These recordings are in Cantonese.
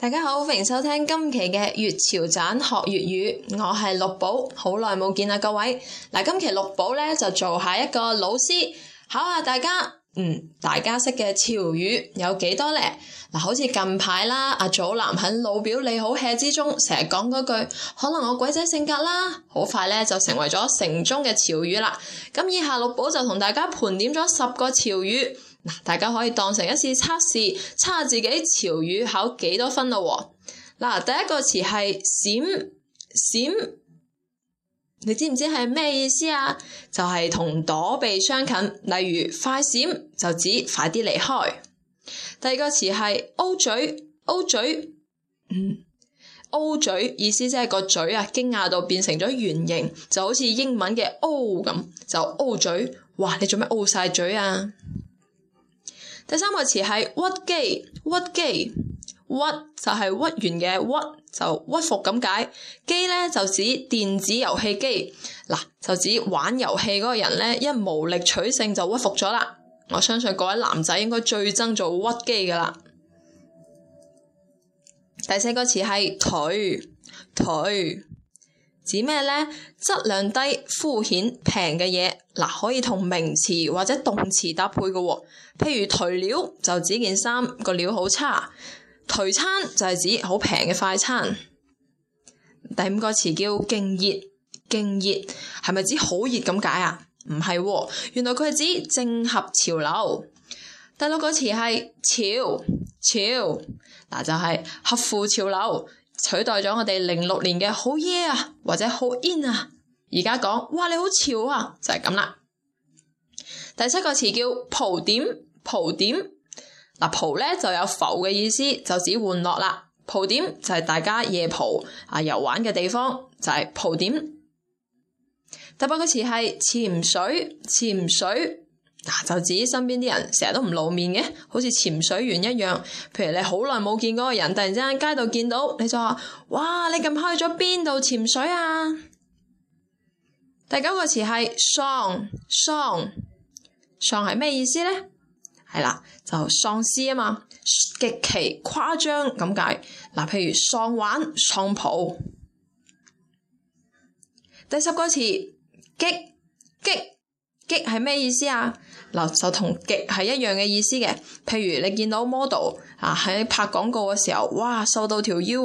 大家好，歡迎收聽今期嘅粵潮盞學粵語，我係六寶，好耐冇見啦，各位嗱，今期六寶咧就做下一個老師考下啊，大家。嗯，大家識嘅潮語有幾多咧？嗱，好似近排啦，阿祖藍喺老表你好吃之中成日講嗰句，可能我鬼仔性格啦，好快咧就成為咗城中嘅潮語啦。咁以下六寶就同大家盤點咗十個潮語，嗱，大家可以當成一次測試，測下自己潮語考幾多分咯。嗱，第一個詞係閃閃。閃。你知唔知係咩意思啊？就係同躲避相近，例如快閃就指快啲離開。第二個詞係 O 嘴 O 嘴，O 嘴，嗯 O 嘴意思即係個嘴啊，驚訝到變成咗圓形，就好似英文嘅 O 咁，就 O 嘴。哇，你做咩 O 晒嘴啊？第三個詞係屈機屈機。屈就係、係、屈完嘅屈，就屈服咁解。機呢就指電子遊戲機嗱，就指玩遊戲嗰個人呢，一無力取勝就屈服咗啦。我相信各位男仔應該最憎做屈機噶啦。第四個詞係頹頹，指咩呢？質量低、敷衍、平嘅嘢嗱，可以同名詞或者動詞搭配嘅喎，譬如頹料就指件衫個料好差。頹餐就係指好平嘅快餐。第五個詞叫敬熱，敬熱係咪指好熱咁解啊？唔係喎，原來佢係指正合潮流。第六個詞係潮潮，嗱就係合乎潮流，取代咗我哋零六年嘅好耶啊或者好 in 啊，而家講哇你好潮啊就係咁啦。第七個詞叫蒲點，蒲點。嗱，蒲咧就有浮嘅意思，就指玩樂啦。蒲點就係大家夜蒲啊，遊玩嘅地方就係蒲點。第八個詞係潛水，潛水嗱就指身邊啲人成日都唔露面嘅，好似潛水員一樣。譬如你好耐冇見嗰個人，突然之間喺街度見到，你就話：哇，你咁開咗邊度潛水啊？第九個詞係喪喪喪係咩意思呢？係啦，就喪屍啊嘛，極其誇張咁解。嗱，譬如喪玩、喪抱，第十個詞，激激。激係咩意思啊？嗱，就同激係一樣嘅意思嘅。譬如你見到 model 啊喺拍廣告嘅時候，哇，瘦到條腰，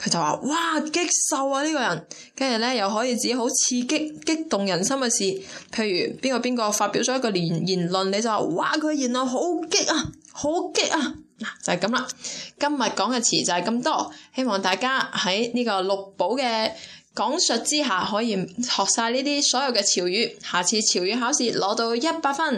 佢就話：哇，激瘦啊！呢個人，跟住咧又可以指好刺激、激動人心嘅事。譬如邊個邊個發表咗一個言言論，你就話：哇，佢言論好激啊，好激啊！嗱，就係咁啦。今日講嘅詞就係咁多，希望大家喺呢個六寶嘅。講述之下可以學晒呢啲所有嘅潮語，下次潮語考試攞到一百分。